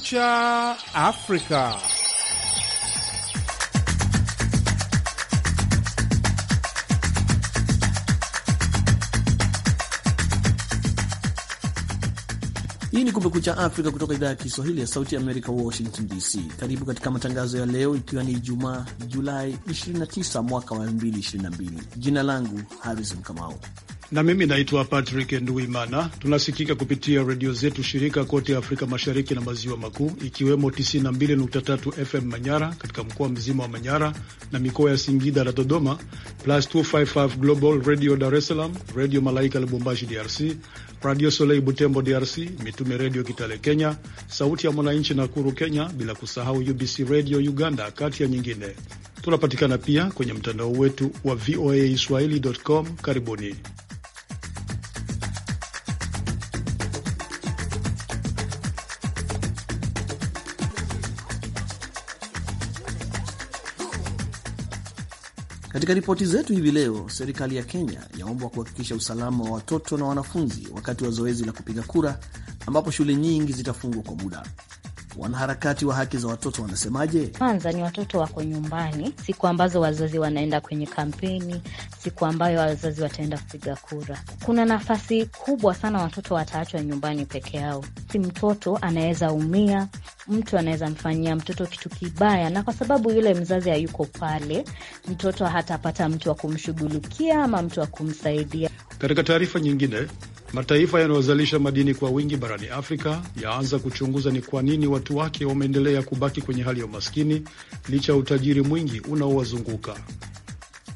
Kumekucha Afrika. Hii ni Kumekucha Afrika kutoka idhaa ya Kiswahili ya Sauti Amerika, Washington DC. Karibu katika matangazo ya leo, ikiwa ni Ijumaa Julai 29 mwaka wa 2022. Jina langu Harrison Kamau na mimi naitwa Patrick Nduimana. Tunasikika kupitia redio zetu shirika kote Afrika Mashariki na Maziwa Makuu, ikiwemo 92.3 FM Manyara katika mkoa mzima wa Manyara na mikoa ya Singida na Dodoma, plus 255 Global Radio Dar es Salaam, Redio Malaika Lubumbashi DRC, Radio Soleil Butembo DRC, Mitume Redio Kitale Kenya, Sauti ya Mwananchi Nakuru Kenya, bila kusahau UBC Redio Uganda, kati ya nyingine. Tunapatikana pia kwenye mtandao wetu wa voa swahili.com. Karibuni. Katika ripoti zetu hivi leo, serikali ya Kenya yaombwa kuhakikisha usalama wa watoto na wanafunzi wakati wa zoezi la kupiga kura, ambapo shule nyingi zitafungwa kwa muda. Wanaharakati wa haki za watoto wanasemaje? Kwanza ni watoto wako nyumbani, siku ambazo wazazi wanaenda kwenye kampeni, siku ambayo wazazi wataenda kupiga kura, kuna nafasi kubwa sana watoto wataachwa nyumbani peke yao. Si mtoto anaweza umia, mtu anaweza mfanyia mtoto kitu kibaya, na kwa sababu yule mzazi hayuko pale, mtoto hatapata mtu wa kumshughulikia ama mtu wa kumsaidia. Katika taarifa nyingine Mataifa yanayozalisha madini kwa wingi barani Afrika yaanza kuchunguza ni kwa nini watu wake wameendelea kubaki kwenye hali ya umaskini licha ya utajiri mwingi unaowazunguka.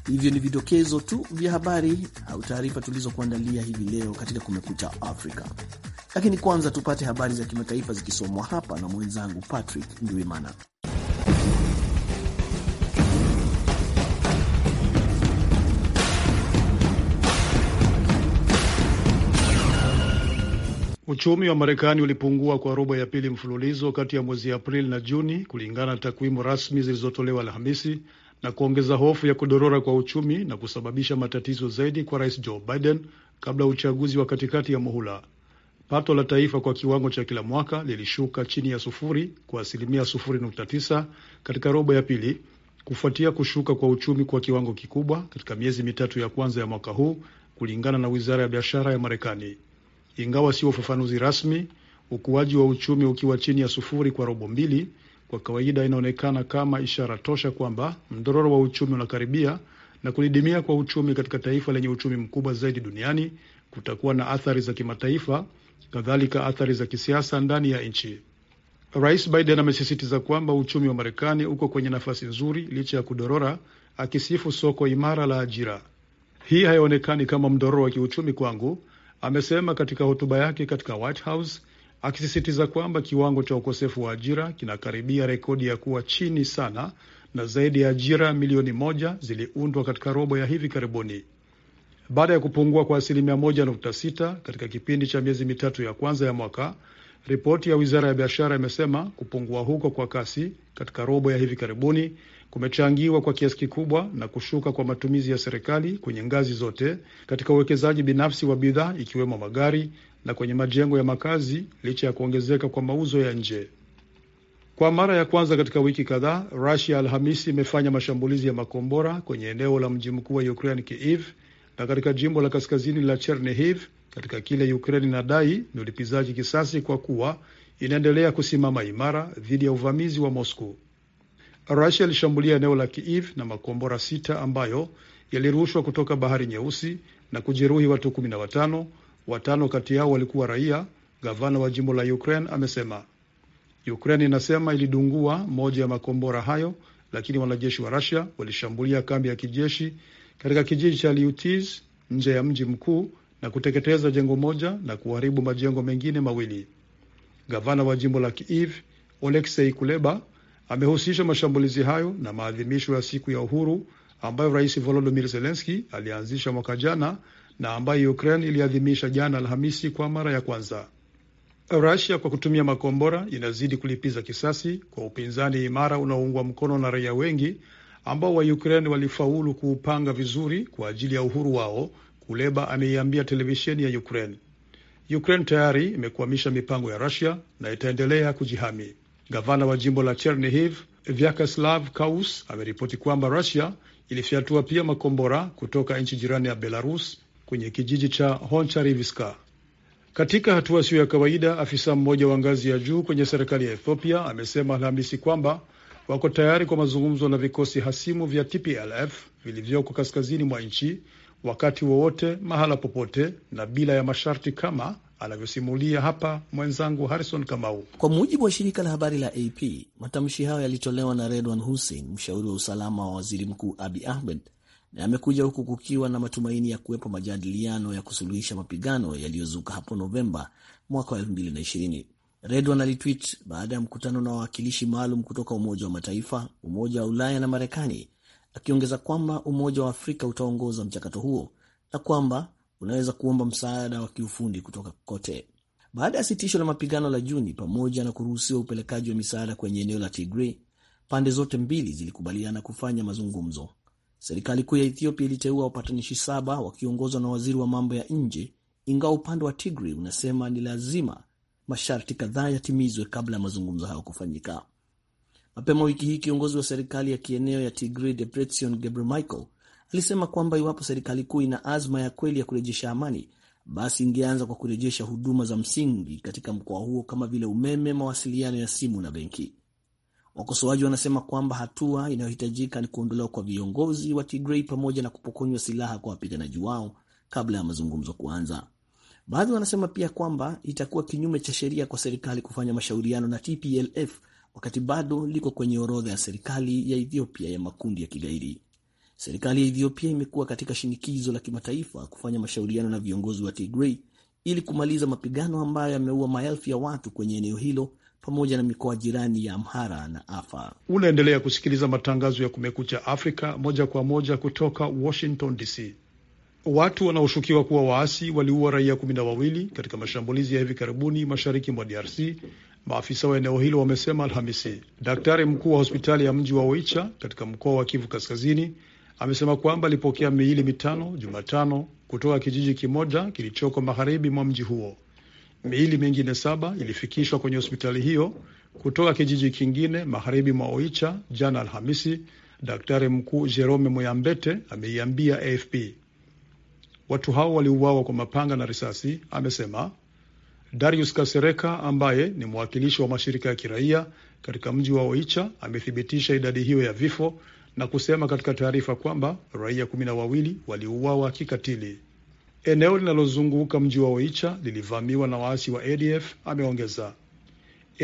Hivyo ni vidokezo tu vya habari au taarifa tulizokuandalia hivi leo katika Kumekucha Afrika, lakini kwanza tupate habari za kimataifa zikisomwa hapa na mwenzangu Patrick Ndwimana. Uchumi wa Marekani ulipungua kwa robo ya pili mfululizo kati ya mwezi Aprili na Juni kulingana na takwimu rasmi zilizotolewa Alhamisi na kuongeza hofu ya kudorora kwa uchumi na kusababisha matatizo zaidi kwa Rais Joe Biden kabla ya uchaguzi wa katikati ya muhula. Pato la taifa kwa kiwango cha kila mwaka lilishuka chini ya sufuri kwa asilimia sufuri nukta tisa katika robo ya pili kufuatia kushuka kwa uchumi kwa kiwango kikubwa katika miezi mitatu ya kwanza ya mwaka huu kulingana na wizara ya biashara ya Marekani ingawa sio ufafanuzi rasmi, ukuaji wa uchumi ukiwa chini ya sufuri kwa robo mbili, kwa kawaida inaonekana kama ishara tosha kwamba mdororo wa uchumi unakaribia, na kulidimia kwa uchumi katika taifa lenye uchumi mkubwa zaidi duniani kutakuwa na athari za kimataifa, kadhalika athari za kisiasa ndani ya nchi. Rais Biden amesisitiza kwamba uchumi wa Marekani uko kwenye nafasi nzuri licha ya kudorora, akisifu soko imara la ajira. Hii haionekani kama mdororo wa kiuchumi kwangu, amesema katika hotuba yake katika White House, akisisitiza kwamba kiwango cha ukosefu wa ajira kinakaribia rekodi ya kuwa chini sana na zaidi ya ajira milioni moja ziliundwa katika robo ya hivi karibuni baada ya kupungua kwa asilimia moja nukta sita katika kipindi cha miezi mitatu ya kwanza ya mwaka. Ripoti ya wizara ya biashara imesema kupungua huko kwa kasi katika robo ya hivi karibuni kumechangiwa kwa kiasi kikubwa na kushuka kwa matumizi ya serikali kwenye ngazi zote katika uwekezaji binafsi wa bidhaa ikiwemo magari na kwenye majengo ya makazi licha ya kuongezeka kwa mauzo ya nje. Kwa mara ya kwanza katika wiki kadhaa, rasia Alhamisi imefanya mashambulizi ya makombora kwenye eneo la mji mkuu wa Ukraine Kiev na katika jimbo la kaskazini la Chernihiv katika kile Ukraine inadai ni ulipizaji kisasi kwa kuwa inaendelea kusimama imara dhidi ya uvamizi wa Moscow. Rusia ilishambulia eneo la Kiev na makombora sita ambayo yalirushwa kutoka bahari nyeusi na kujeruhi watu kumi na watano. Watano kati yao walikuwa raia, gavana wa jimbo la Ukraine amesema. Ukraine inasema ilidungua moja ya makombora hayo, lakini wanajeshi wa Rusia walishambulia kambi ya kijeshi katika kijiji cha Liutiz nje ya mji mkuu na kuteketeza jengo moja na kuharibu majengo mengine mawili. Gavana wa jimbo la Kiev Oleksei Kuleba amehusisha mashambulizi hayo na maadhimisho ya siku ya uhuru ambayo Rais volodimir zelenski alianzisha mwaka jana na ambayo Ukraine iliadhimisha jana Alhamisi kwa mara ya kwanza. rasia kwa kutumia makombora inazidi kulipiza kisasi kwa upinzani imara unaoungwa mkono na raia wengi ambao wa Ukraine walifaulu kuupanga vizuri kwa ajili ya uhuru wao, Kuleba ameiambia televisheni ya Ukraine. Ukraine tayari imekwamisha mipango ya rasia na itaendelea kujihami. Gavana wa jimbo la Chernihiv Vyacheslav Kaus ameripoti kwamba Rusia ilifyatua pia makombora kutoka nchi jirani ya Belarus kwenye kijiji cha Honchariviska. Katika hatua siyo ya kawaida, afisa mmoja wa ngazi ya juu kwenye serikali ya Ethiopia amesema Alhamisi kwamba wako tayari kwa mazungumzo na vikosi hasimu vya TPLF vilivyoko kaskazini mwa nchi wakati wowote, mahala popote, na bila ya masharti kama anavyosimulia hapa mwenzangu Harrison Kamau. Kwa mujibu wa shirika la habari la AP, matamshi hayo yalitolewa na Redwan Hussein, mshauri wa usalama wa waziri mkuu Abi Ahmed, na yamekuja huku kukiwa na matumaini ya kuwepo majadiliano ya kusuluhisha mapigano yaliyozuka hapo Novemba mwaka wa 2020. Redwan alitwit baada ya mkutano na wawakilishi maalum kutoka Umoja wa Mataifa, Umoja wa Ulaya na Marekani, akiongeza kwamba Umoja wa Afrika utaongoza mchakato huo na kwamba unaweza kuomba msaada wa kiufundi kutoka kote. Baada ya sitisho la mapigano la Juni pamoja na kuruhusiwa upelekaji wa misaada kwenye eneo la Tigray, pande zote mbili zilikubaliana kufanya mazungumzo. Serikali kuu ya Ethiopia iliteua wapatanishi saba wakiongozwa na waziri wa mambo ya nje, ingawa upande wa Tigray unasema ni lazima masharti kadhaa yatimizwe kabla ya mazungumzo hayo kufanyika. Mapema wiki hii kiongozi wa serikali ya kieneo ya Tigray Debretsion Gebremichael Alisema kwamba iwapo serikali kuu ina azma ya kweli ya kurejesha amani, basi ingeanza kwa kurejesha huduma za msingi katika mkoa huo kama vile umeme, mawasiliano ya simu na benki. Wakosoaji wanasema kwamba hatua inayohitajika ni kuondolewa kwa viongozi wa Tigrei pamoja na kupokonywa silaha kwa wapiganaji wao kabla ya mazungumzo kuanza. Baadhi wanasema pia kwamba itakuwa kinyume cha sheria kwa serikali kufanya mashauriano na TPLF wakati bado liko kwenye orodha ya serikali ya Ethiopia ya makundi ya kigaidi. Serikali ya Ethiopia imekuwa katika shinikizo la kimataifa kufanya mashauriano na viongozi wa Tigray ili kumaliza mapigano ambayo yameua maelfu ya watu kwenye eneo hilo pamoja na mikoa jirani ya Amhara na Afar. Unaendelea kusikiliza matangazo ya Kumekucha Afrika moja kwa moja kutoka Washington DC. Watu wanaoshukiwa kuwa waasi waliua raia kumi na wawili katika mashambulizi ya hivi karibuni mashariki mwa DRC, maafisa wa eneo hilo wamesema Alhamisi. Daktari mkuu wa hospitali ya mji wa Oicha katika mkoa wa Kivu Kaskazini amesema kwamba alipokea miili mitano Jumatano kutoka kijiji kimoja kilichoko magharibi mwa mji huo. Miili mingine saba ilifikishwa kwenye hospitali hiyo kutoka kijiji kingine magharibi mwa Oicha jana Alhamisi, daktari mkuu Jerome Moyambete ameiambia AFP. Watu hao waliuawa kwa mapanga na risasi, amesema. Darius Kasereka ambaye ni mwakilishi wa mashirika ya kiraia katika mji wa Oicha amethibitisha idadi hiyo ya vifo na kusema katika taarifa kwamba raia kumi na wawili waliuawa kikatili. Eneo linalozunguka mji wa Oicha lilivamiwa na waasi wa ADF, ameongeza.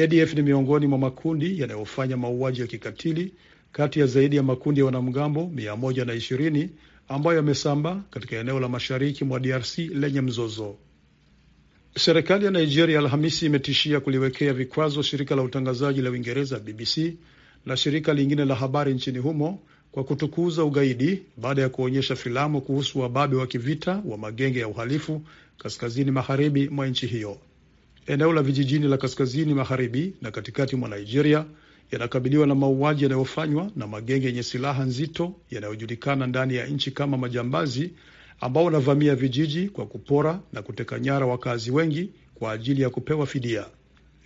ADF ni miongoni mwa makundi yanayofanya mauaji ya kikatili kati ya zaidi ya makundi ya wanamgambo 120 ambayo yamesambaa katika eneo la mashariki mwa DRC lenye mzozo. Serikali ya Nigeria Alhamisi imetishia kuliwekea vikwazo shirika la utangazaji la Uingereza BBC na shirika lingine la habari nchini humo kwa kutukuza ugaidi baada ya kuonyesha filamu kuhusu wababe wa kivita wa magenge ya uhalifu kaskazini magharibi mwa nchi hiyo. Eneo la vijijini la kaskazini magharibi na katikati mwa Nigeria yanakabiliwa na mauaji yanayofanywa na magenge yenye silaha nzito yanayojulikana ndani ya nchi kama majambazi, ambao wanavamia vijiji kwa kupora na kuteka nyara wakazi wengi kwa ajili ya kupewa fidia.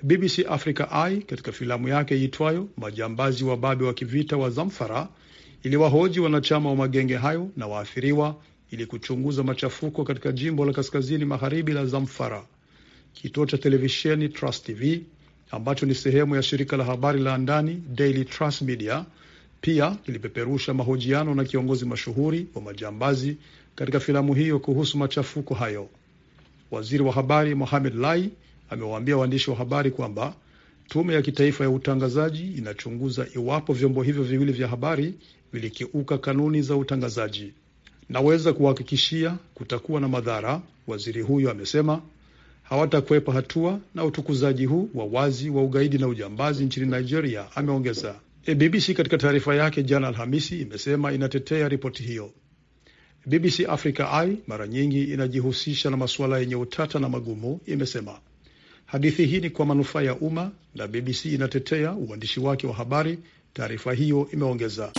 BBC Africa Eye katika filamu yake iitwayo Majambazi wa babe wa Kivita wa Zamfara iliwahoji wanachama wa magenge hayo na waathiriwa ili kuchunguza machafuko katika jimbo la kaskazini magharibi la Zamfara. Kituo cha televisheni Trust TV ambacho ni sehemu ya shirika la habari la ndani Daily Trust Media pia kilipeperusha mahojiano na kiongozi mashuhuri wa majambazi katika filamu hiyo kuhusu machafuko hayo. Waziri wa habari Mohamed Lai amewaambia waandishi wa habari kwamba tume ya kitaifa ya utangazaji inachunguza iwapo vyombo hivyo viwili vya habari vilikiuka kanuni za utangazaji. Naweza kuhakikishia kutakuwa na madhara, waziri huyo amesema. Hawatakwepa hatua na utukuzaji huu wa wazi wa ugaidi na ujambazi nchini Nigeria, ameongeza. E, BBC katika taarifa yake jana Alhamisi imesema inatetea ripoti hiyo. BBC Africa Eye mara nyingi inajihusisha na masuala yenye utata na magumu, imesema. Hadithi hii ni kwa manufaa ya umma na BBC inatetea uandishi wake wa habari, taarifa hiyo imeongeza.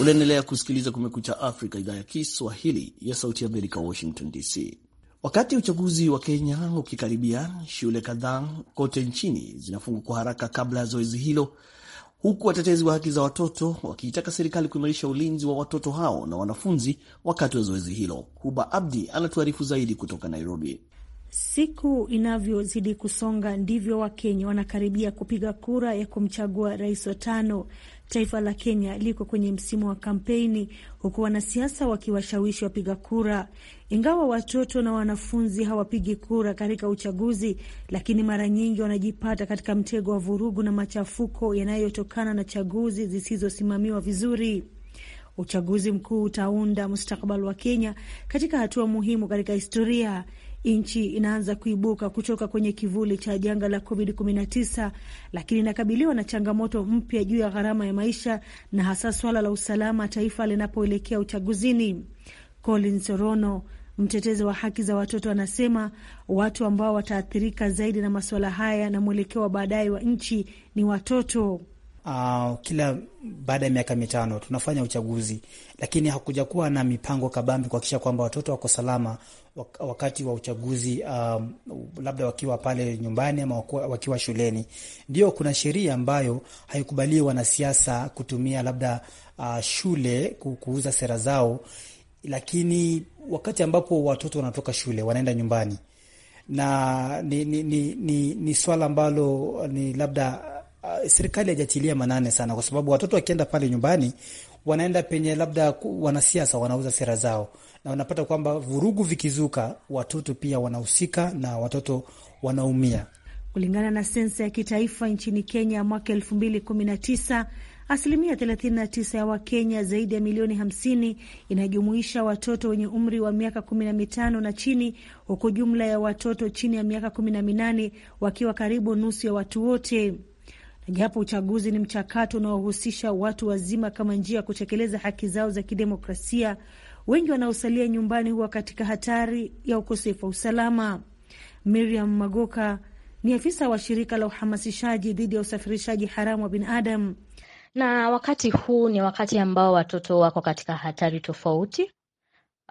Unaendelea kusikiliza Kumekucha Afrika, idhaa ya Kiswahili ya Sauti ya Amerika, Washington DC. Wakati uchaguzi wa Kenya ukikaribia, shule kadhaa kote nchini zinafungwa kwa haraka kabla ya zoezi hilo, huku watetezi wa haki za watoto wakiitaka serikali kuimarisha ulinzi wa watoto hao na wanafunzi wakati wa zoezi hilo. Huba Abdi anatuarifu zaidi kutoka Nairobi. Siku inavyozidi kusonga ndivyo Wakenya wanakaribia kupiga kura ya kumchagua rais wa tano. Taifa la Kenya liko kwenye msimu wa kampeni, huku wanasiasa wakiwashawishi wapiga kura. Ingawa watoto na wanafunzi hawapigi kura katika uchaguzi, lakini mara nyingi wanajipata katika mtego wa vurugu na machafuko yanayotokana na chaguzi zisizosimamiwa vizuri. Uchaguzi mkuu utaunda mustakabali wa Kenya katika hatua muhimu katika historia nchi inaanza kuibuka kutoka kwenye kivuli cha janga la COVID-19, lakini inakabiliwa na changamoto mpya juu ya gharama ya maisha na hasa swala la usalama taifa linapoelekea uchaguzini. Collins sorono mtetezi wa haki za watoto, anasema watu ambao wataathirika zaidi na masuala haya na mwelekeo wa baadaye wa nchi ni watoto uh, kila baada ya miaka mitano tunafanya uchaguzi, lakini hakuja kuwa na mipango kabambi kuhakikisha kwamba watoto wako salama wakati wa uchaguzi, um, labda wakiwa pale nyumbani ama wakiwa shuleni. Ndio kuna sheria ambayo haikubaliwi wanasiasa kutumia labda uh, shule kuuza sera zao, lakini wakati ambapo watoto wanatoka shule wanaenda nyumbani na ni, ni, ni, ni, ni swala ambalo ni labda Ah, serikali hajatilia manane sana, kwa sababu watoto wakienda pale nyumbani wanaenda penye labda wanasiasa wanauza sera zao, na wanapata kwamba vurugu vikizuka, watoto pia wanahusika na watoto wanaumia. Kulingana na sensa ya kitaifa nchini Kenya mwaka elfu mbili kumi na tisa asilimia 39 ya Wakenya zaidi ya milioni 50 inajumuisha watoto wenye umri wa miaka kumi na mitano na chini, huku jumla ya watoto chini ya miaka kumi na minane wakiwa karibu nusu ya watu wote japo uchaguzi ni mchakato unaohusisha watu wazima kama njia ya kutekeleza haki zao za kidemokrasia, wengi wanaosalia nyumbani huwa katika hatari ya ukosefu wa usalama. Miriam Magoka ni afisa wa shirika la uhamasishaji dhidi ya usafirishaji haramu wa binadamu. Na wakati huu ni wakati ambao watoto wako katika hatari tofauti,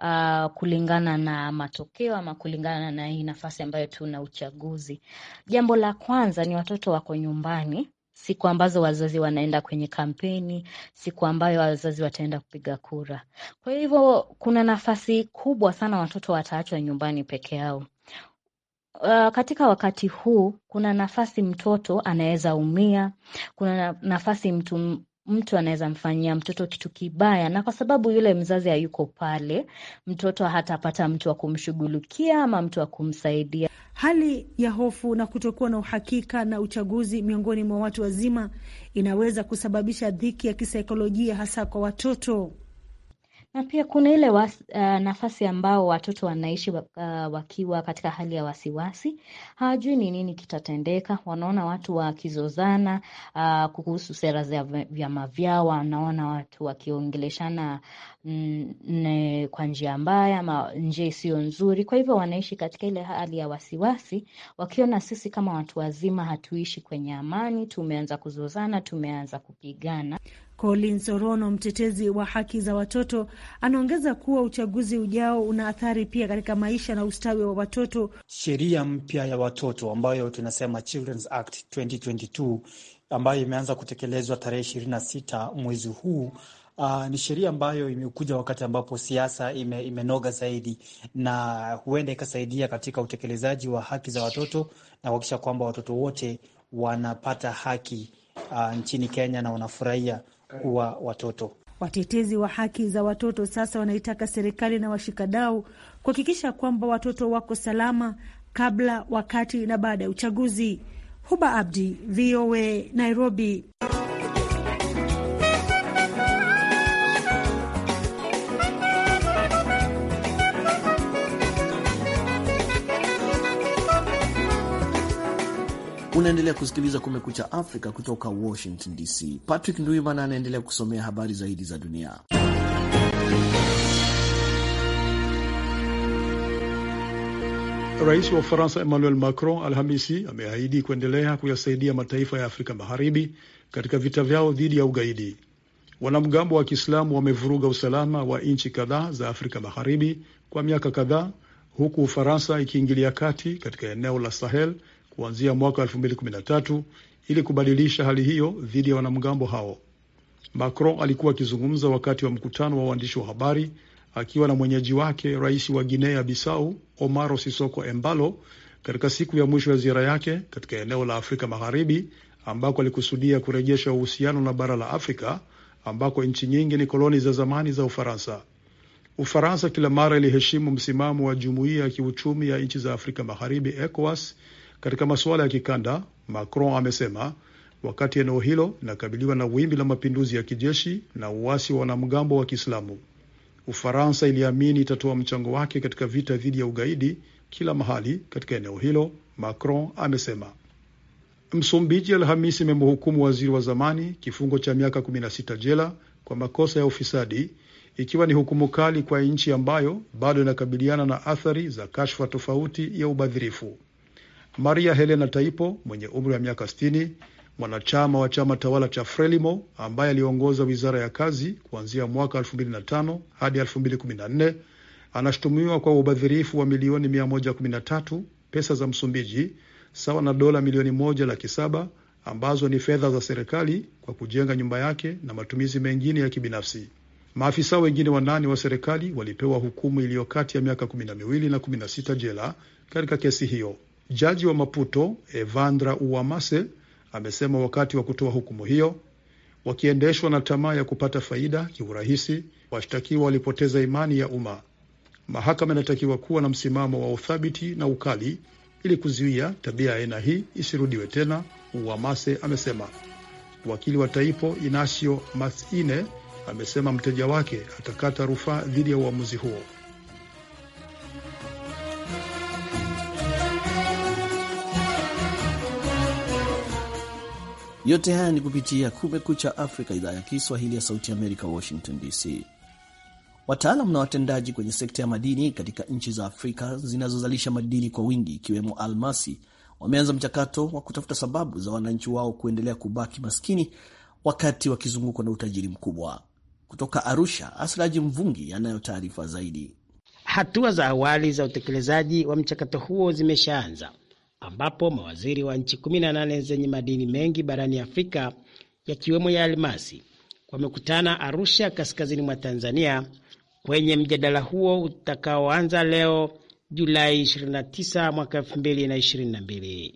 uh, kulingana na matokeo ama kulingana na hii nafasi ambayo tuna uchaguzi. Jambo la kwanza ni watoto wako nyumbani, siku ambazo wazazi wanaenda kwenye kampeni, siku ambayo wazazi wataenda kupiga kura. Kwa hivyo kuna nafasi kubwa sana watoto wataachwa nyumbani peke yao. Uh, katika wakati huu kuna nafasi mtoto anaweza umia, kuna nafasi mtu mtu anaweza mfanyia mtoto kitu kibaya, na kwa sababu yule mzazi hayuko pale, mtoto hatapata mtu wa kumshughulikia ama mtu wa kumsaidia. Hali ya hofu na kutokuwa na uhakika na uchaguzi miongoni mwa watu wazima inaweza kusababisha dhiki ya kisaikolojia, hasa kwa watoto. Na pia kuna ile was, uh, nafasi ambao watoto wanaishi uh, wakiwa katika hali ya wasiwasi, hawajui ni nini kitatendeka. Wanaona watu wakizozana uh, kuhusu sera za vyama vyao, wanaona watu wakiongeleshana mm, kwa njia mbaya ama njia isiyo nzuri. Kwa hivyo wanaishi katika ile hali ya wasiwasi, wakiona sisi kama watu wazima hatuishi kwenye amani, tumeanza kuzozana, tumeanza kupigana. Collins Orono, mtetezi wa haki za watoto, anaongeza kuwa uchaguzi ujao una athari pia katika maisha na ustawi wa watoto. Sheria mpya ya watoto ambayo tunasema Children's Act 2022 ambayo imeanza kutekelezwa tarehe 26 mwezi huu. Uh, ni sheria ambayo imekuja wakati ambapo siasa ime, imenoga zaidi na huenda ikasaidia katika utekelezaji wa haki za watoto na kuhakikisha kwamba watoto wote wanapata haki uh, nchini Kenya na wanafurahia wa watoto. Watetezi wa haki za watoto sasa wanaitaka serikali na washikadau kuhakikisha kwamba watoto wako salama kabla, wakati na baada ya uchaguzi. Huba Abdi, VOA, Nairobi. Unaendelea kusikiliza Kumekucha Afrika kutoka Washington DC. Patrick Ndwimana anaendelea kusomea habari zaidi za dunia. Rais wa Ufaransa Emmanuel Macron Alhamisi ameahidi kuendelea kuyasaidia mataifa ya Afrika Magharibi katika vita vyao dhidi ya ugaidi. Wanamgambo wa Kiislamu wamevuruga usalama wa nchi kadhaa za Afrika Magharibi kwa miaka kadhaa, huku Ufaransa ikiingilia kati katika eneo la Sahel kuanzia mwaka 2013 ili kubadilisha hali hiyo dhidi ya wanamgambo hao. Macron alikuwa akizungumza wakati wa mkutano wa waandishi wa habari akiwa na mwenyeji wake rais wa Guinea Bissau Omaro Sisoko Embalo katika siku ya mwisho ya ziara yake katika eneo la Afrika Magharibi ambako alikusudia kurejesha uhusiano na bara la Afrika ambako nchi nyingi ni koloni za zamani za Ufaransa. Ufaransa kila mara iliheshimu msimamo wa jumuiya ya kiuchumi ya nchi za Afrika Magharibi ECOWAS katika masuala ya kikanda, Macron amesema wakati eneo hilo linakabiliwa na wimbi la mapinduzi ya kijeshi na uasi wa wanamgambo wa Kiislamu. Ufaransa iliamini itatoa mchango wake katika vita dhidi ya ugaidi kila mahali katika eneo hilo, Macron amesema. Msumbiji Alhamisi imemhukumu waziri wa zamani kifungo cha miaka 16 jela kwa makosa ya ufisadi, ikiwa ni hukumu kali kwa nchi ambayo bado inakabiliana na athari za kashfa tofauti ya ubadhirifu. Maria Helena Taipo mwenye umri wa miaka 60 mwanachama wa chama tawala cha Frelimo ambaye aliongoza wizara ya kazi kuanzia mwaka 2005 hadi 2014 anashutumiwa kwa ubadhirifu wa milioni 113 pesa za Msumbiji sawa na dola milioni moja laki saba ambazo ni fedha za serikali kwa kujenga nyumba yake na matumizi mengine ya kibinafsi. Maafisa wengine wanane wa serikali walipewa hukumu iliyo kati ya miaka kumi na miwili na kumi na sita jela katika kesi hiyo. Jaji wa Maputo Evandra Uwamase amesema wakati wa kutoa hukumu hiyo, wakiendeshwa na tamaa ya kupata faida kiurahisi, washtakiwa walipoteza imani ya umma. Mahakama inatakiwa kuwa na msimamo wa uthabiti na ukali ili kuzuia tabia ya aina hii isirudiwe tena, Uwamase amesema. Wakili wa Taipo Inasio Masine amesema mteja wake atakata rufaa dhidi ya uamuzi huo. Yote haya ni kupitia Kumekucha Afrika, idhaa ya Kiswahili ya Sauti ya Amerika, Washington DC. Wataalam na watendaji kwenye sekta ya madini katika nchi za Afrika zinazozalisha madini kwa wingi ikiwemo almasi wameanza mchakato wa kutafuta sababu za wananchi wao kuendelea kubaki maskini wakati wakizungukwa na utajiri mkubwa. Kutoka Arusha, Asraji Mvungi anayo taarifa zaidi. Hatua za awali za utekelezaji wa mchakato huo zimeshaanza ambapo mawaziri wa nchi 18 zenye madini mengi barani Afrika yakiwemo ya almasi wamekutana Arusha, kaskazini mwa Tanzania, kwenye mjadala huo utakaoanza leo Julai 29 mwaka 2022.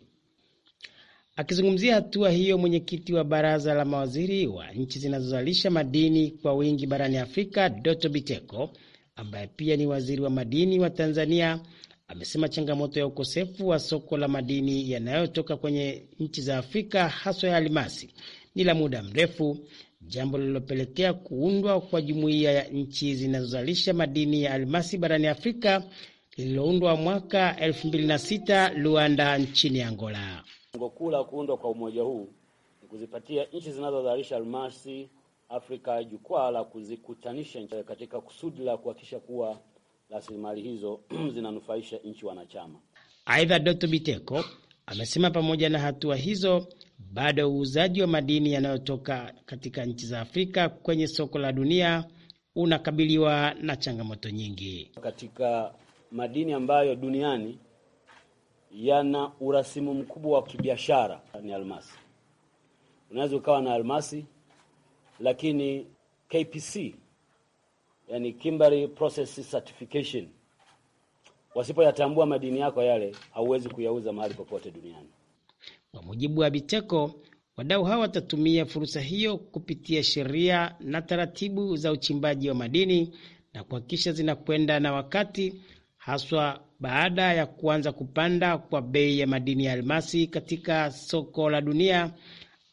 Akizungumzia hatua hiyo, mwenyekiti wa baraza la mawaziri wa nchi zinazozalisha madini kwa wingi barani Afrika, Doto Biteko, ambaye pia ni waziri wa madini wa Tanzania, amesema changamoto ya ukosefu wa soko la madini yanayotoka kwenye nchi za Afrika haswa ya almasi ni la muda mrefu, jambo lililopelekea kuundwa kwa jumuiya ya nchi zinazozalisha madini ya almasi barani Afrika lililoundwa mwaka 2006 Luanda nchini Angola. Lengo kuu la kuundwa kwa umoja huu ni kuzipatia nchi zinazozalisha almasi Afrika jukwaa la kuzikutanisha katika kusudi la kuhakikisha kuwa rasilimali hizo zinanufaisha nchi wanachama. Aidha, Dkt. Biteko amesema pamoja na hatua hizo bado uuzaji wa madini yanayotoka katika nchi za Afrika kwenye soko la dunia unakabiliwa na changamoto nyingi. Katika madini ambayo duniani yana urasimu mkubwa wa kibiashara ni almasi. Unaweza ukawa na almasi, lakini KPC yani Kimberley Process Certification. Wasipoyatambua madini yako yale, hauwezi kuyauza mahali popote duniani. Kwa mujibu wa Biteko, wadau hawa watatumia fursa hiyo kupitia sheria na taratibu za uchimbaji wa madini na kuhakikisha zinakwenda na wakati, haswa baada ya kuanza kupanda kwa bei ya madini ya almasi katika soko la dunia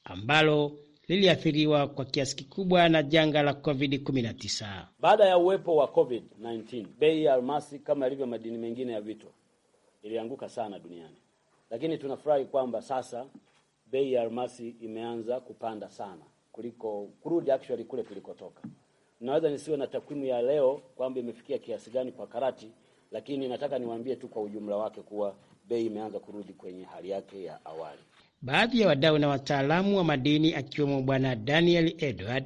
ambalo liliathiriwa kwa kiasi kikubwa na janga la COVID-19. Baada ya uwepo wa COVID-19, bei ya almasi kama ilivyo madini mengine ya vitu ilianguka sana duniani, lakini tunafurahi kwamba sasa bei ya almasi imeanza kupanda sana kuliko kurudi actually kule kulikotoka. Naweza nisiwe na takwimu ya leo kwamba imefikia kiasi gani kwa karati, lakini nataka niwaambie tu kwa ujumla wake kuwa bei imeanza kurudi kwenye hali yake ya awali. Baadhi ya wadau na wataalamu wa madini akiwemo Bwana Daniel Edward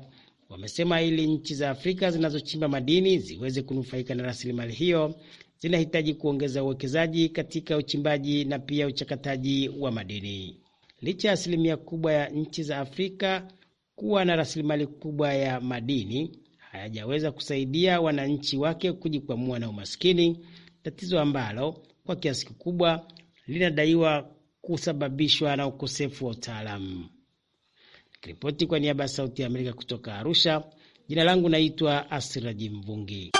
wamesema ili nchi za Afrika zinazochimba madini ziweze kunufaika na rasilimali hiyo zinahitaji kuongeza uwekezaji katika uchimbaji na pia uchakataji wa madini. Licha ya asilimia kubwa ya nchi za Afrika kuwa na rasilimali kubwa ya madini, hayajaweza kusaidia wananchi wake kujikwamua na umaskini, tatizo ambalo kwa kiasi kikubwa linadaiwa kusababishwa na ukosefu wa utaalamu. Ripoti kwa niaba ya Sauti ya Amerika kutoka Arusha, jina langu naitwa Asiraji Mvungi.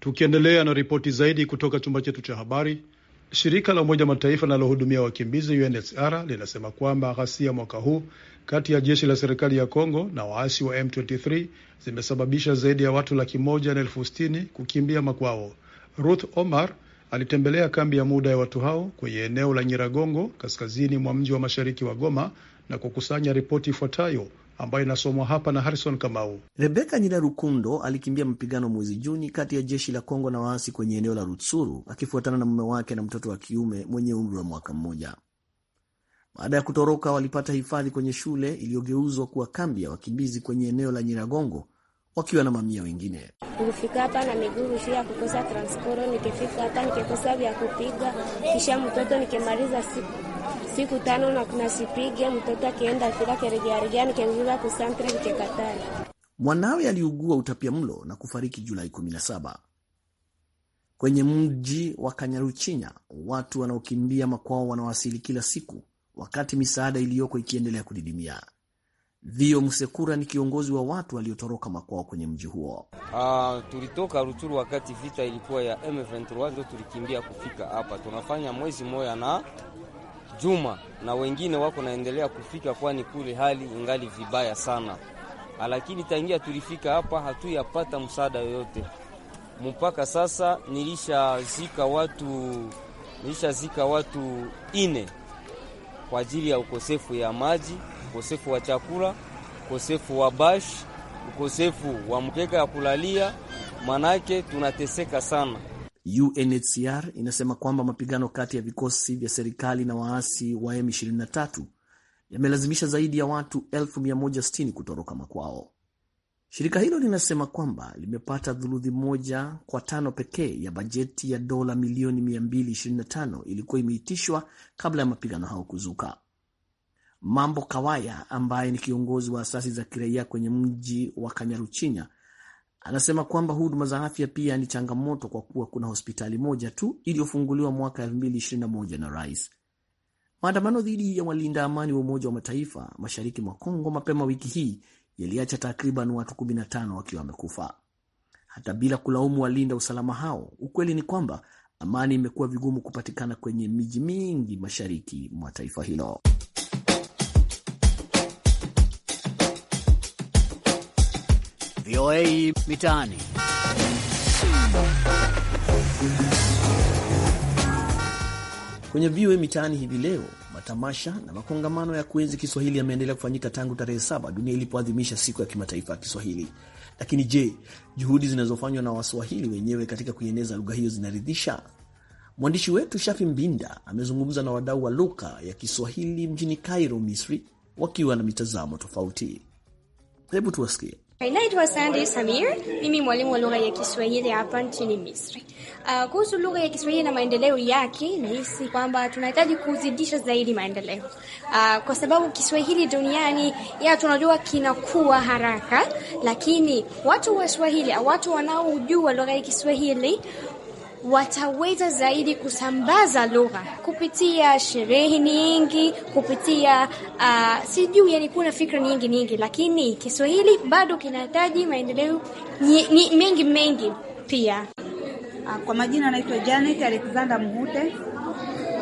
Tukiendelea na ripoti zaidi kutoka chumba chetu cha habari, shirika la Umoja Mataifa linalohudumia wakimbizi UNHCR linasema kwamba ghasia mwaka huu kati ya jeshi la serikali ya Kongo na waasi wa M23 zimesababisha zaidi ya watu laki moja na elfu sitini kukimbia makwao. Ruth Omar alitembelea kambi ya muda ya watu hao kwenye eneo la Nyiragongo kaskazini mwa mji wa mashariki wa Goma na kukusanya ripoti ifuatayo ambayo inasomwa hapa na Harrison Kamau. Rebeka Nyirarukundo alikimbia mapigano mwezi Juni kati ya jeshi la Kongo na waasi kwenye eneo la Rutsuru akifuatana na mume wake na mtoto wa kiume mwenye umri wa mwaka mmoja. Baada ya kutoroka, walipata hifadhi kwenye shule iliyogeuzwa kuwa kambi ya wakimbizi kwenye eneo la Nyiragongo wakiwa na mamia wengine. Kufika hapa na miguu ya kukosa transporo, nikifika hapa nikikosa vya kupiga, kisha mtoto nikimaliza siku siku tano na kunasipiga mtoto akienda fika keregearegea nikengiza kusantre nikekatari. Mwanawe aliugua utapia mlo na kufariki Julai 17 kwenye mji wa Kanyaruchinya. Watu wanaokimbia makwao wanawasili kila siku, wakati misaada iliyoko ikiendelea kudidimia. Vio Musekura ni kiongozi wa watu waliotoroka makwao kwenye mji huo. Uh, tulitoka ruchuru wakati vita ilikuwa ya M23, ndio tulikimbia kufika hapa. Tunafanya mwezi moja na juma, na wengine wako naendelea kufika, kwani kule hali ingali vibaya sana, ah, lakini tangia tulifika hapa hatuyapata msaada yoyote mpaka sasa. Nilishazika watu, nilishazika watu ine kwa ajili ya ukosefu ya maji ukosefu wa chakula, ukosefu wa bash, ukosefu wa mkeka ya kulalia, manake tunateseka sana. UNHCR inasema kwamba mapigano kati ya vikosi vya serikali na waasi wa M23 yamelazimisha zaidi ya watu 160 kutoroka makwao. Shirika hilo linasema kwamba limepata thuluthi moja kwa tano pekee ya bajeti ya dola milioni 225 ilikuwa imeitishwa kabla ya mapigano hayo kuzuka. Mambo Kawaya ambaye ni kiongozi wa asasi za kiraia kwenye mji wa Kanyaruchinya anasema kwamba huduma za afya pia ni changamoto kwa kuwa kuna hospitali moja tu iliyofunguliwa mwaka 2021 na rais. Maandamano dhidi ya walinda amani wa Umoja wa Mataifa mashariki mwa Kongo mapema wiki hii yaliacha takriban watu 15 wakiwa wamekufa. Hata bila kulaumu walinda usalama hao, ukweli ni kwamba amani imekuwa vigumu kupatikana kwenye miji mingi mashariki mwa taifa hilo. VOA Mitaani. Kwenye VOA Mitaani hivi leo, matamasha na makongamano ya kuenzi Kiswahili yameendelea kufanyika tangu tarehe saba dunia ilipoadhimisha siku ya kimataifa ya Kiswahili. Lakini je, juhudi zinazofanywa na Waswahili wenyewe katika kuieneza lugha hiyo zinaridhisha? Mwandishi wetu Shafi Mbinda amezungumza na wadau wa lugha ya Kiswahili mjini Cairo, Misri, wakiwa na mitazamo tofauti. Hebu tuwasikie. Naitwa sandy Samir, mimi mwalimu wa lugha ya Kiswahili hapa nchini Misri. Uh, kuhusu lugha ya Kiswahili na maendeleo yake, nahisi kwamba tunahitaji kuzidisha zaidi maendeleo uh, kwa sababu Kiswahili duniani ya tunajua kinakuwa haraka, lakini watu wa Swahili au watu wanaojua lugha ya Kiswahili wataweza zaidi kusambaza lugha kupitia sherehe nyingi, kupitia uh, sijui, yani kuna fikra nyingi nyingi, lakini Kiswahili bado kinahitaji maendeleo mengi mengi pia. Ah, kwa majina anaitwa Janet Alexander Mhute.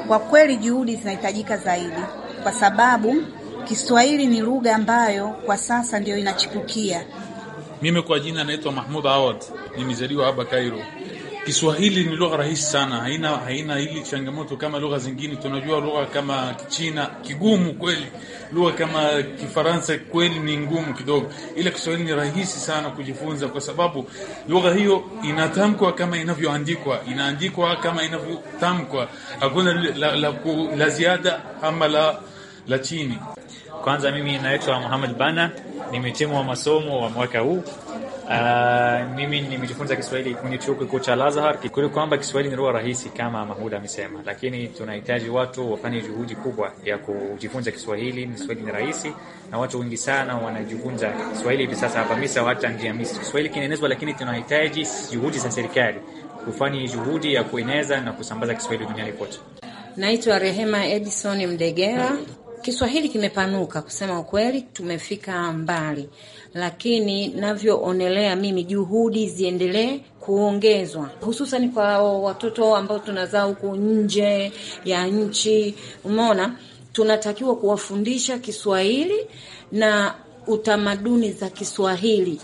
Kwa kweli juhudi zinahitajika zaidi, kwa sababu Kiswahili ni lugha ambayo kwa sasa ndio inachipukia. Mimi kwa jina naitwa Mahmud Awad, ni mzaliwa hapa Cairo. Kiswahili ni lugha rahisi sana, haina haina ili changamoto kama lugha zingine. Tunajua lugha kama Kichina kigumu kweli, lugha kama Kifaransa kweli ni ngumu kidogo, ila Kiswahili ni rahisi sana kujifunza, kwa sababu lugha hiyo inatamkwa kama inavyoandikwa, inaandikwa kama inavyotamkwa. Hakuna la, la, la ziada ama la, la chini. Kwanza mimi naitwa Muhammad Bana, nimetimu wa masomo wa mwaka huu Uh, mimi nimejifunza Kiswahili kwenye chuo kikuu cha al Kikweli kwamba Kiswahili ni lugha rahisi kama mahuda amesema, lakini tunahitaji watu wafanye juhudi kubwa ya kujifunza Kiswahili. Kiswahili ni rahisi na watu wengi sana wanajifunza Kiswahili hivi sasa hapa Misri, hata nje ya Misri Kiswahili kinaenezwa, lakini tunahitaji juhudi za serikali kufanya juhudi ya kueneza na kusambaza Kiswahili duniani kote. Naitwa Rehema Edison Mdegera. Kiswahili kimepanuka kusema ukweli, tumefika mbali, lakini navyoonelea mimi juhudi ziendelee kuongezwa hususan kwa watoto ambao tunazaa huku nje ya nchi. Umeona, tunatakiwa kuwafundisha Kiswahili na utamaduni za Kiswahili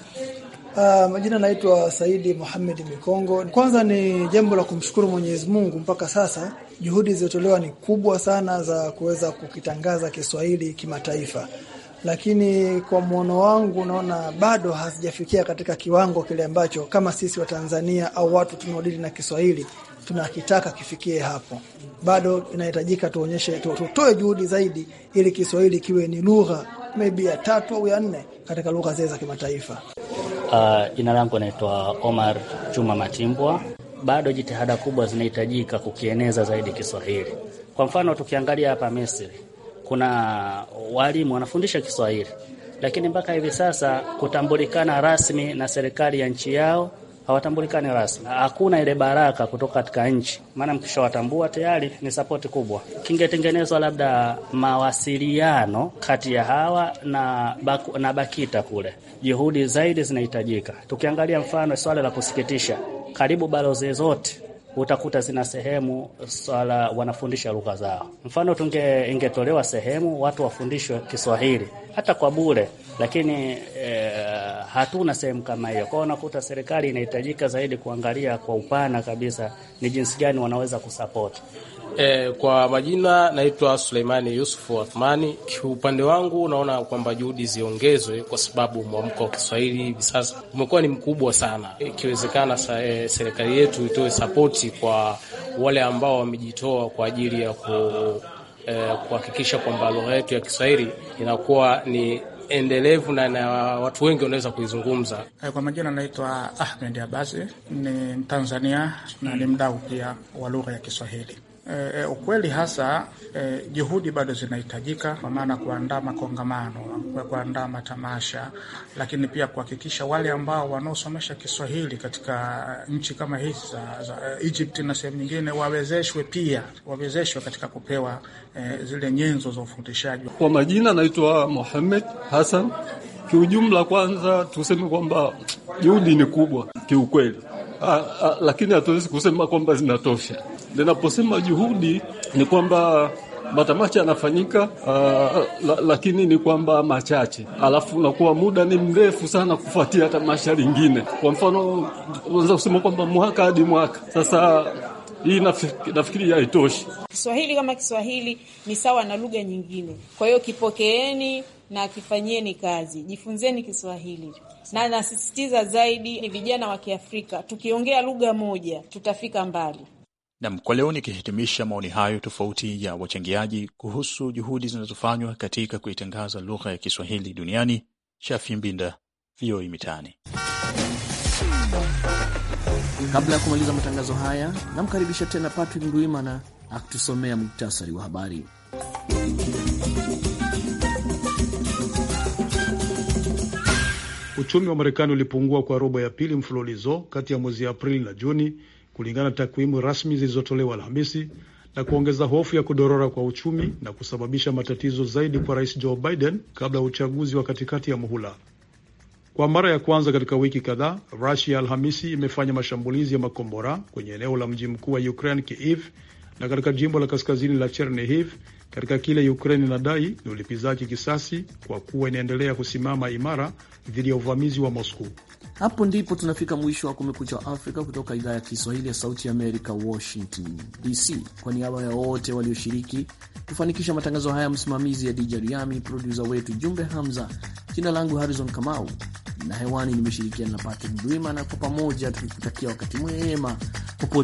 Uh, majina naitwa Saidi Mohamed Mikongo. Kwanza ni jambo la kumshukuru Mwenyezi Mungu, mpaka sasa juhudi zilizotolewa ni kubwa sana za kuweza kukitangaza Kiswahili kimataifa, lakini kwa mwono wangu naona bado hazijafikia katika kiwango kile ambacho kama sisi wa Tanzania au watu tunaodili na Kiswahili tunakitaka kifikie hapo. Bado inahitajika tuonyeshe, tutoe juhudi zaidi ili Kiswahili kiwe ni lugha maybe ya tatu au ya nne katika lugha zile za kimataifa. Uh, jina langu naitwa Omar Chuma Matimbwa. Bado jitihada kubwa zinahitajika kukieneza zaidi Kiswahili. Kwa mfano, tukiangalia hapa Misri kuna walimu wanafundisha Kiswahili, lakini mpaka hivi sasa kutambulikana rasmi na serikali ya nchi yao hawatambulikani rasmi, hakuna ile baraka kutoka katika nchi. Maana mkishawatambua tayari ni sapoti kubwa. Kingetengenezwa labda mawasiliano kati ya hawa na, baku, na BAKITA kule, juhudi zaidi zinahitajika. Tukiangalia mfano swala la kusikitisha, karibu balozi zote utakuta zina sehemu swala wanafundisha lugha zao. Mfano tunge ingetolewa sehemu watu wafundishwe Kiswahili hata kwa bure, lakini e, hatuna sehemu kama hiyo. Kwa hiyo unakuta serikali inahitajika zaidi kuangalia kwa upana kabisa ni jinsi gani wanaweza kusapoti. E, eh, kwa majina naitwa Suleimani Yusufu Athmani. Kiupande wangu naona kwamba juhudi ziongezwe, kwa sababu mwamko wa Kiswahili hivi sasa umekuwa ni mkubwa sana. Ikiwezekana e, serikali yetu itoe sapoti kwa wale ambao wamejitoa kwa ajili ya ku eh, kuhakikisha kwamba lugha yetu ya Kiswahili inakuwa ni endelevu na, na watu wengi wanaweza kuizungumza. Eh, kwa majina naitwa Ahmed Abasi, ni Mtanzania na ni mdau pia wa lugha ya Kiswahili. E, ukweli hasa e, juhudi bado zinahitajika kwa maana kuandaa makongamano, kuandaa matamasha, lakini pia kuhakikisha wale ambao wanaosomesha Kiswahili katika nchi kama hizi za Egypt na sehemu nyingine wawezeshwe pia wawezeshwe katika kupewa e, zile nyenzo za ufundishaji. Kwa majina naitwa Mohamed Hassan. Kiujumla, kwanza tuseme kwamba juhudi ni kubwa kiukweli, ah, ah, lakini hatuwezi kusema kwamba zinatosha. Ninaposema juhudi ni kwamba matamasha yanafanyika, uh, lakini ni kwamba machache, alafu unakuwa muda ni mrefu sana kufuatia tamasha lingine. Kwa mfano, unaweza kusema kwamba mwaka hadi mwaka. Sasa hii nafikiri haitoshi. Kiswahili kama Kiswahili ni sawa na lugha nyingine, kwa hiyo kipokeeni na kifanyieni kazi, jifunzeni Kiswahili na nasisitiza zaidi, ni vijana wa Kiafrika tukiongea lugha moja tutafika mbali. Nam, kwa leo nikihitimisha maoni hayo tofauti ya wachangiaji kuhusu juhudi zinazofanywa katika kuitangaza lugha ya Kiswahili duniani. Shafi Mbinda, VOA Mitaani. Kabla ya kumaliza matangazo haya, namkaribisha tena Patrick Ndwimana akitusomea muktasari wa habari. Uchumi wa Marekani ulipungua kwa robo ya pili mfululizo kati ya mwezi Aprili na Juni kulingana na takwimu rasmi zilizotolewa Alhamisi na kuongeza hofu ya kudorora kwa uchumi na kusababisha matatizo zaidi kwa Rais Joe Biden kabla ya uchaguzi wa katikati ya muhula. Kwa mara ya kwanza katika wiki kadhaa, Rusia Alhamisi imefanya mashambulizi ya makombora kwenye eneo la mji mkuu wa Ukraine Kiev na katika jimbo la kaskazini la Chernihiv katika kile Ukraine inadai ni ulipizaji kisasi kwa kuwa inaendelea kusimama imara dhidi ya uvamizi wa Moscow. Hapo ndipo tunafika mwisho wa Kumekucha Afrika kutoka idhaa ya Kiswahili ya Sauti ya Amerika, Washington DC. Kwa niaba ya wote walioshiriki kufanikisha matangazo haya, msimamizi ya Dija Riami, produsa wetu Jumbe Hamza, jina langu Harrison Kamau na hewani nimeshirikiana na Patrick dwimana na kwa pamoja tukikutakia wakati mwema popote